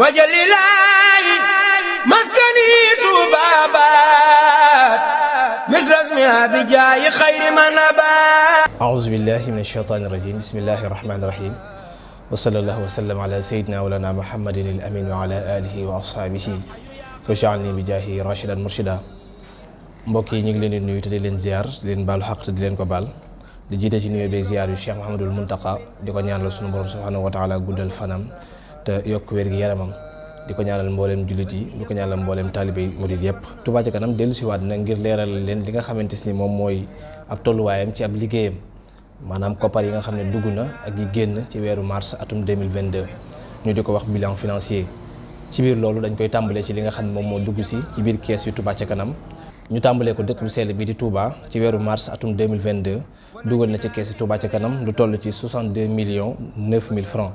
wajalilaayi maskani tuubaabaat misras mi abijaayi xayri man abaat aouzu billahi min ashaytaani rajim bismillahi rahmaani rahim wa sallallahu wa sallam ala sayyidina walana muhammadin al amin wa ala alihi wa ashaabihi wa jaalni bijaahi rashidan murshida mbokk yi ñu ngi leen di nuyu te di leen ziar di leen baalu xaq te di leen ko baal di jiite ci nuyu bi ziar bi Cheikh Mouhamadul Muntaqa di ko ñaanal sunu borom subhanahu wa taala guddal fanam te yokk wér gi yaramam di ko ñaanal mbooleem jullit yi di ko ñaanal mboolem taalibe yi murid yëpp. Touba Ca Kanam dellu siwaat na ngir leeral leen li nga xamante ni moom mooy ab tolluwaayam ci ab liggéeyam maanaam koppar yi nga xam ne dugg na ak yi génn ci weeru mars atum 2022 ñu di ko wax bilan financier ci biir loolu dañ koy tàmbalee ci li nga xam ne moom moo dugg si ci biir kees yu Touba Ca Kanam ñu ko dëkk bu di Touba ci weeru mars atum 2022 dugal na ci kees yi Kanam lu toll ci 62 millions 9000 francs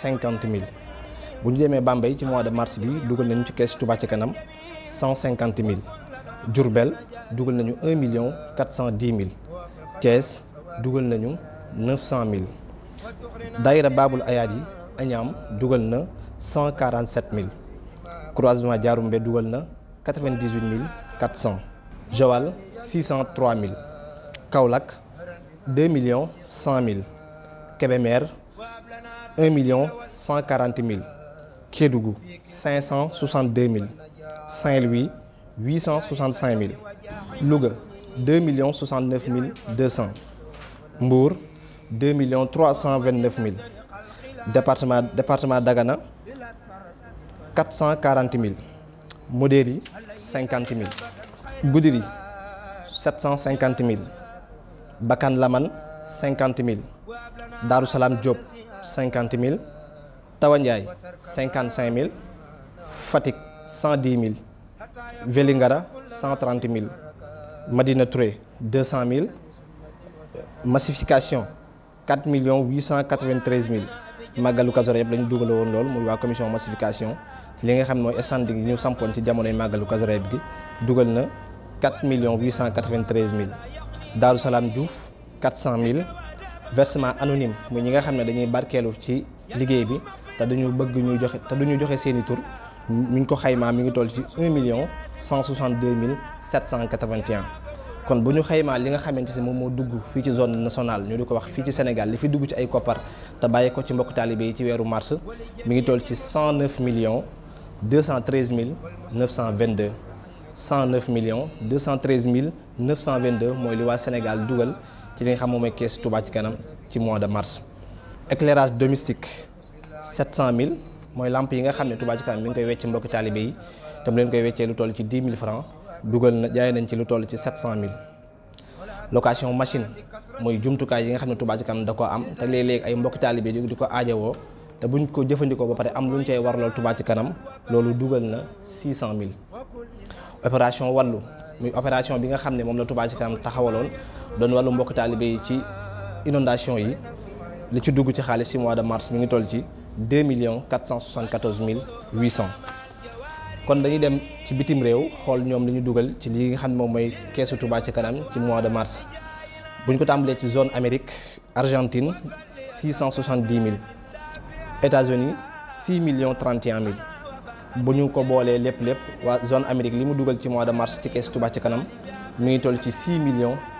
cinquante mille bu ñu demee Bambey ci mois de mars bi dugal nañu ci kees Touba ci kanam cent cinquante mille Diourbel dugal nañu un million quatre cent dix mille Thiès dugal nañu neuf cent mille Daïra Babul Ayaat yi Añaam dugal na cent quarante sept mille croisement Diaroumbé dugal na quatre vingt dix huit mille quatre cent Joal six cent trois mille Kaolack deux millions cent mille Kébémer un million cent quarante mille Kédougou cinq cent soixante deux mille Saint-Louis huit cent soixante cinq mille Louga deux millions soixante neuf mille deux cent Mbour deux million trois cent vingt neuf mille département département Dagana quatre cent quarante mille Modéry cinquante mille Goudiri sept cent cinquante mille Bakkan Laman cinquante mille Darou Salam cinquante mille Tawanjaay cinquante cinq mille Fatick cent dix mille Vélingara cent trente mille Madina Touré deux cent mille massification quatre millions huit cent quatre vingt treize mille màggalu Kazu Rajab yëpp la ñu dugale woon loolu muy waa commission massification li nga xam ne mooy stand gi ñu sampoon ci jamonoy màggalu Kazu Rajab dugal na quatre millions huit cent quatre vingt mille Daaru Salaam versement anonyme muy ñi nga xam ne dañuy barkeelu ci liggéey bi te ñu bëgg ñu joxe te du ñu joxe seeni tur mu ngi ko xaymaa mi ngi toll ci un million cent soixante deux mille sept cent quatre vingt kon bu ñu xaymaa li nga xamante si moom moo dugg fii ci zone nationale ñu di ko wax fii ci Sénégal li fi dugg ci ay koppar te bàyyi ko ci mbokk taalibe yi ci weeru mars mi ngi toll ci cent neuf millions deux cent treize mille neuf cent vingt cent neuf millions deux cent mille neuf cent deux mooy li waa Sénégal dugal ci li nga xam moom mooy kees tubaa ci kanam ci mois de mars. éclairage domestique 700000 mooy lamp yi nga xam ne Touba ci kanam mi ngi koy wecci mbokki taalibe yi tam leen koy weccee lu toll ci 10 000 francs dugal na jaay nañ ci lu toll ci 700000. location machine mooy jumtukaay yi nga xam ne Touba ci kanam da koo am te léeg-léeg ay mbokki taalibe di ko aajowoo te buñ ko jëfandikoo ba pare am luñ cay war loolu Touba ci kanam loolu dugal na 600000. opération wàllu muy opération bi nga xam ne moom la Touba ci kanam taxawaloon. doon wàllu mbokk taalibe yi ci inondation yi li ci dugg ci xaalis ci mois de mars mi ngi toll ci deux millions quatre cent soixante quatorze mille huit kon dañuy dem ci bitim réew xool ñoom li ñu dugal ci li nga xam ne moom mooy keesu Touba ci kanam ci mois de mars bu ñu ko tàmbalee ci zone Amérique Argentine six cent soixante dix mille États-Unis six millions trente et un bu ñu ko boolee lépp lépp waa zone Amérique li mu dugal ci mois de mars ci keesu Touba ci kanam mi ngi toll ci six millions.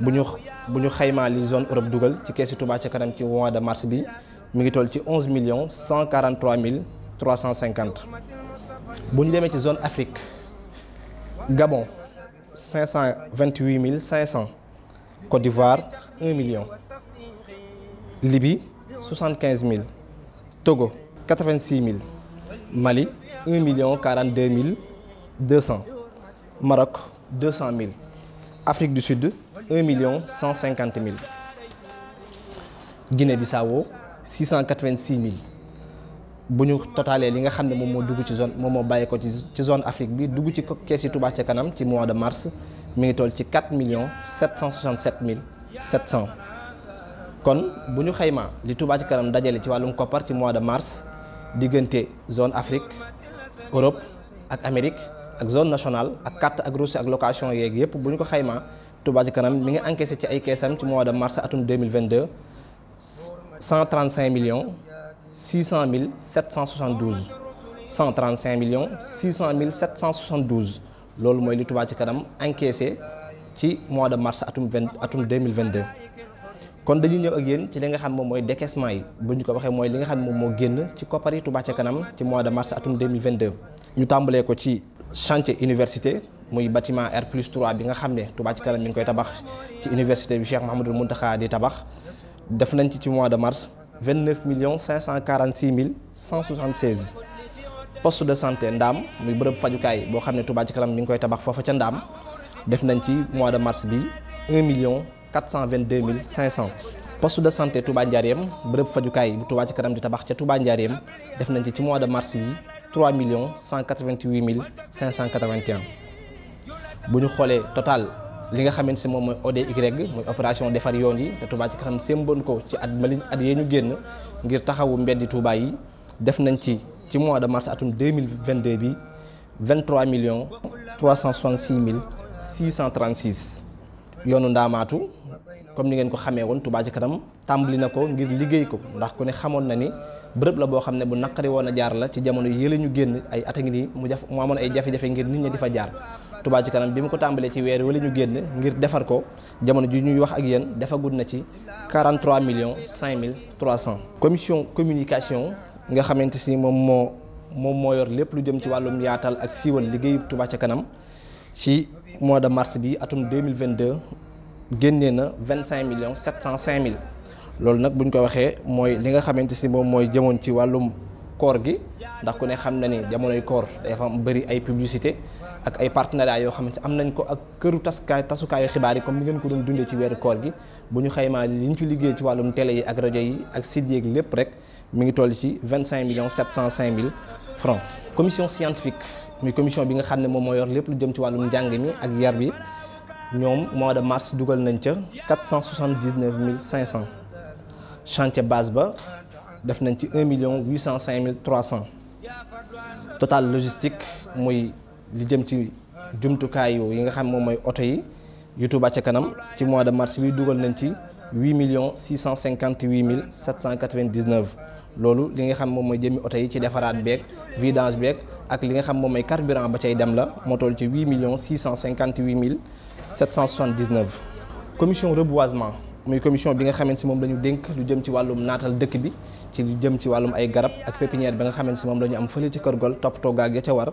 bu ñu bu ñu xaymaa li zone Europe dugal ci keesu Touba ci kanam ci mois de mars bi mi ngi toll ci onze millions cent quarante mille trois cent cinquante bu ñu demee ci zone Afrique Gabon cinq cent vingt huit mille cinq cent Côte d'Ivoire un million libi soixante quinze mille Togo quatre vingt mille Mali million quarante deux mille deux cent Maroc deux cent mille Afrique du Sud. 1 million 150 mille Guinée-Bissau 686 mille bu ñu totalee li nga xam ne moom moo dugg ci zone moom moo bàyyi ko ci zone Afrique bi dugg ci kees yi Touba ca kanam ci mois de mars mi ngi toll ci 4 millions 767 mille 700 kon bu ñu xaymaa li Touba ci kanam dajale ci wàllum koppar ci mois de mars diggante zone Afrique Europe ak Amérique ak zone nationale ak carte ak Russie ak location yeeg yëpp bu ñu ko xaymaa Touba Ca Kanam mi ngi encaissé ci ay keesam ci mois de mars atum 2022 135 millions 600 mille 772 135 millions 600 mille 772 loolu mooy li Touba Ca Kanam encaissé ci mois de mars atum 20 atum 2022 kon dañuy ñëw a yéen ci li nga xam moom mooy décaissement yi bu ñu ko waxee mooy li nga xam moom moo génn ci koppar yi Touba Ca Kanam ci mois de mars atum 2022 ñu tàmbalee ko ci chantier université muy bâtiment R plus 3 bi nga xam ne Touba ci kanam mi ngi koy tabax ci université bi Cheikh Mouhamadul Mountakha di tabax def nañ ci ci mois de mars 29 millions 546 mille 176 poste de santé ndaam muy bërëb fajukaay boo xam ne Touba ci kanam mi ngi koy tabax foofa ca ndaam def nañ ci mois de mars bi 1 million 422 mille 500 poste de santé Touba Ndiarème bërëb fajukaay bu Touba ci kanam di tabax ca Touba Ndiarème def nañ ci ci mois de mars bi million millions 188 mille 581 bu ñu xoolee total li nga xamante si moom mooy ODY muy opération defar yoon yi te Touba ci kanam sémboon ko ci at malin at yee ñu génn ngir taxawu mbeddi Touba yi def nañ ci ci mois de mars atum 2022 bi 23 millions 366 mille 636 yoonu ndaamaatu comme ni ngeen ko xamee woon Touba ci kanam tàmbali na ko ngir liggéey ko ndax ku ne xamoon na ni bërëb la boo xam ne bu naqari woon a jaar la ci jamono yële ñu génn ay at a ngi nii mu jaf ay jafe ngir nit ñi di jaar Touba ci kanam bi ma ko tàmbalee ci weer wala ñu génn ngir defar ko jamono ji ñuy wax ak yéen defagul na ci million millions 5 mille 300. commission communication nga xamante si moom moo moom moo yor lépp lu jëm ci wàllum yaatal ak siiwal liggéeyu Touba ca kanam ci mois de mars bi atum 2022 génnee na 25 millions 705 mille loolu nag bu ñu ko waxee mooy li nga xamante si moom mooy jëmoon ci wàllum koor gi ndax ku ne xam na ni jamonoy koor dafa am bëri ay publicité. ak ay partenariat yoo xamante am nañ ko ak këru tasukaay tasukaayu xibaar yi comme ni ngeen ko doon dundee ci weeru koor gi bu ñu xaymaa li ñu ci liggéey ci wàllum télé yi ak rajo yi ak site yeeg lépp rek mu ngi toll ci vingt cinq millions sept cent cinq mille francs commission scientifique muy commission bi nga xam ne moom moo yor jëm ci wàllum mi ak yar bi ñoom mois de mars dugal nañ ca quatre cent soixante dix neuf mille cinq cent chantier base ba def nañ ci un million huit cent cinq mille trois cent total logistique muy li jëm ci jumtukaay yi nga xam moom mooy oto yi yu Touba ca kanam ci mois de mars bi dugal nañ ci huit millions six cent cinquante huit mille sept cent quatre vingt dix neuf loolu li nga xam moom mooy jëmmi oto yi ci defaraat beeg vidange beeg ak li nga xam moom mooy carburant ba cay dem la moo toll ci huit millions six cent cinquante huit mille sept cent soixante dix neuf commission reboisement. muy commission bi nga xamante si moom la ñu dénk lu jëm ci wàllum naatal dëkk bi ci lu jëm ci wàllum ay garab ak pépinière bi nga xamante si moom la am fële ci Kër Gol toppatoo gaag ya ca war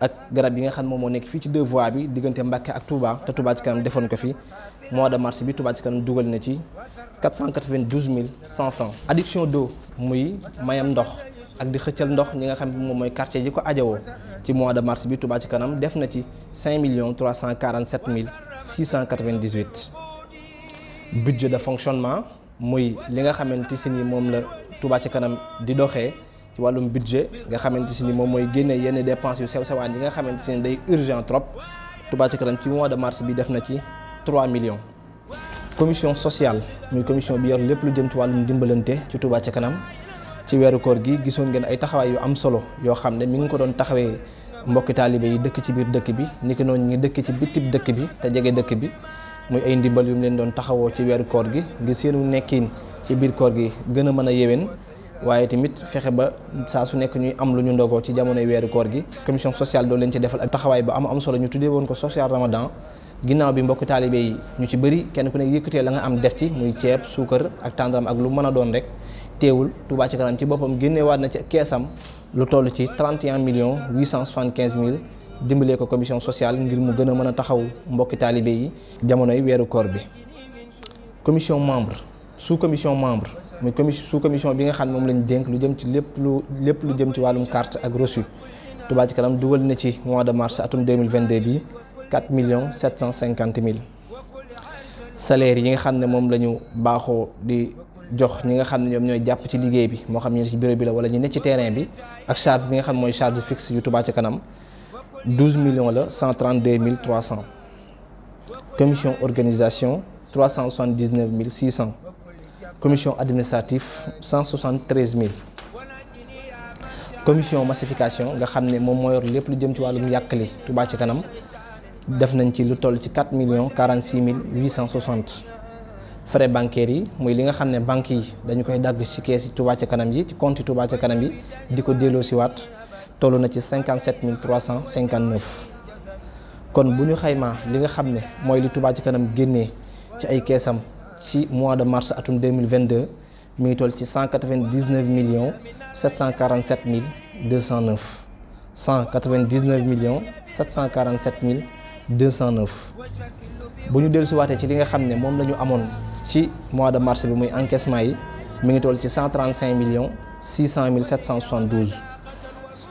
ak garab yi nga xam moom moo nekk fii ci deux voies bi diggante Mbàkke ak Touba te Touba ci kanam defoon ko fi mois de mars bi Touba ci kanam dugal na ci 492 mille 100 francs adduction d'eau muy mayam ndox ak di xëccal ndox ñi nga xam ne moom mooy quartier ko ajawoo ci mois de mars bi Touba ci kanam def na ci 5 millions 347 mille 698 budget de fonctionnement muy li nga xamante si ni moom la Touba ci kanam di doxee ci wàllum budget nga xamante si ni moom mooy génne yenn dépenses yu sew sewaan yi nga xamante si ni day urgent trop Touba ci kanam ci mois de mars bi def na ci 3 millions. commission sociale muy commission bi yor lépp lu ci wàllum dimbalante ci Touba ci kanam ci weeru koor gi gisoon ngeen ay taxawaay yu am solo yoo xam ne mi ngi ko doon taxawee mbokki taalibe yi dëkk ci biir dëkk bi niki noonu ñu ngi dëkk ci bitib dëkk bi te jege dëkk bi. muy ay ndimbal yu leen doon taxawoo ci weeru koor gi ngir seenu nekkin ci biir koor gi gën a mën a yéwén waaye tamit fexe ba saa su nekk ñuy am lu ñu ndogoo ci jamonoy weeru koor gi commission sociale doo leen ci defal ak taxawaay ba am am solo ñu tuddee woon ko social ramadan ginnaaw bi mbokk taalibe yi ñu ci bëri kenn ku ne yëkkatee la nga am def ci muy ceeb suukar ak tàndaram ak lu mën a doon rek teewul Touba ci kanam ci boppam génneewaat na ci keesam lu toll ci 31 millions 875 mille dimbalee ko commission social ngir mu gën a mën a taxaw mbokki taalibe yi jamonoy weeru koor bi commission membre sous commission membre muy commission sous commission bi nga xam ne moom lañ dénk lu jëm ci lépp lépp lu jëm ci wàllum carte ak reçu Touba Ca Kanam dugal na ci mois de mars atum 2022 bi 4 millions 750 mille salaire yi nga xam ne moom la ñu baaxoo di jox ñi nga xam ne ñoom ñooy jàpp ci liggéey bi moo xam ñu ne ci bureau bi la wala ñu ne ci terrain bi ak charge yi nga xam mooy charge fixe yu Touba ci Kanam 12 millions la 132 mille 300 commission organisation 379 mille 600 cent administrative 173 mille commission massification nga xam ne moom moo yor lépp lu jëm ci wàllum yàkkali Touba ci kanam def nañ ci lu toll ci million millions 46 mille cent 860 frais bancaires yi muy li nga xam ne banques yi dañu koy dagg ci keesi Touba ci kanam yi ci compte Touba ci kanam yi di ko delloo siwaat tollu na ci cinquante sept mille trois cent cinquante kon bu ñu xaymaa li nga xam ne mooy li tubaat ci kanam génnee ci ay keesam ci mois de mars atum deux mille vingt deux mi ngi toll ci cent quatre vingt dix neuf millions sept cent quarante sept mille deux cent neuf cent quatre vingt dix neuf millions sept cent quarante sept mille deux cent neuf bu ñu dellusiwaatee ci li nga xam ne moom la ñu amoon ci mois de mars bi muy encaissement yi mi ngi toll ci cent trente cinq millions six cent mille sept cent soixante douze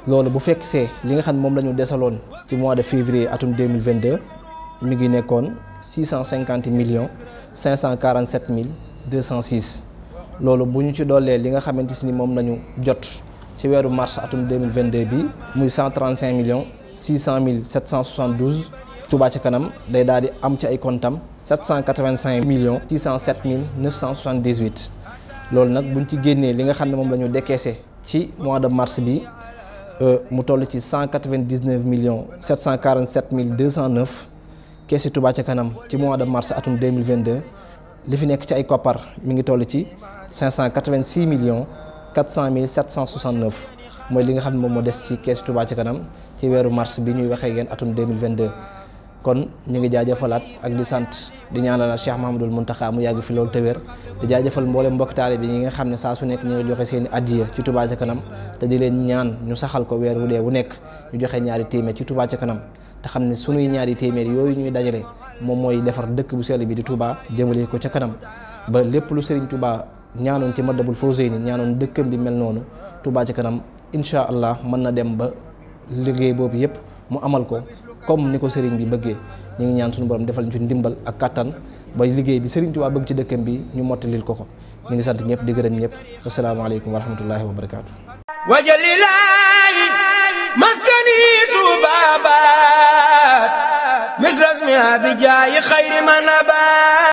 loolu bu fekk see li nga xam ne moom la ñu desaloon ci mois de février atum 2022 mi ngi nekkoon 650 millions 547 mille 206 loolu bu ñu ci doolee li nga xamante si ni moom la ñu jot ci weeru mars atum 2022 bi muy 135 millions 600 mille 772 Touba ci kanam day daal di am ci ay kontam 785 millions 607 mille 978 loolu nag bu ñu ci génnee li nga xam ne moom la ñu décaissé ci mois de mars bi Euh, mu toll ci cent quatre-vingt-dix-neuf millions sept cent mille deux cent neuf keesi kanam ci mois de mars atum deux mille vingt li fi nekk ci ay koppar mi ngi toll ci cinq cent quatre-vingt-six millions quatre cent mille sept soixante-neuf mooy li nga xam ne moom moo des ci keesi Touba ci kanam ci weeru mars bi ñuy waxee yéen atum deux mille vingt-deux kon ñu ngi jaajëfalaat ak di sant di ñaanal Cheikh Mahamadul Muntaxa mu yàgg fi loolu te wér di jaajëfal mboolem mbokk taale bi ñi nga xam ne saa su nekk ñu ngi joxe seen i addiya ci Touba ca kanam te di leen ñaan ñu saxal ko weer wu bu nekk ñu joxe ñaari téeméer ci ca kanam te xam ne sunuy ñaari téeméer yooyu ñuy dajale moom mooy defar dëkk bu sell bi di Touba jëmale ko ca kanam ba lépp lu Serigne Touba ñaanoon ci ma Madabul Fawzayni ñaanoon dëkkam bi mel noonu Touba ca kanam incha allah mën na dem ba liggéey boobu yëpp mu amal ko comme ni ko sëriñ bi bëggee ñu ngi ñaan suñu borom defal ñu ci ndimbal ak kattan ba liggéey bi sëriñ Tuubaa bëgg ci dëkkam bi ñu mottalil ko ko ñu ngi sant ñëpp di gërëm ñëpp asalaamaaleykum wa rahmatullahi wa barakaatu. wajalilaahi maskani tuubaa baat misras mi xayri man abaat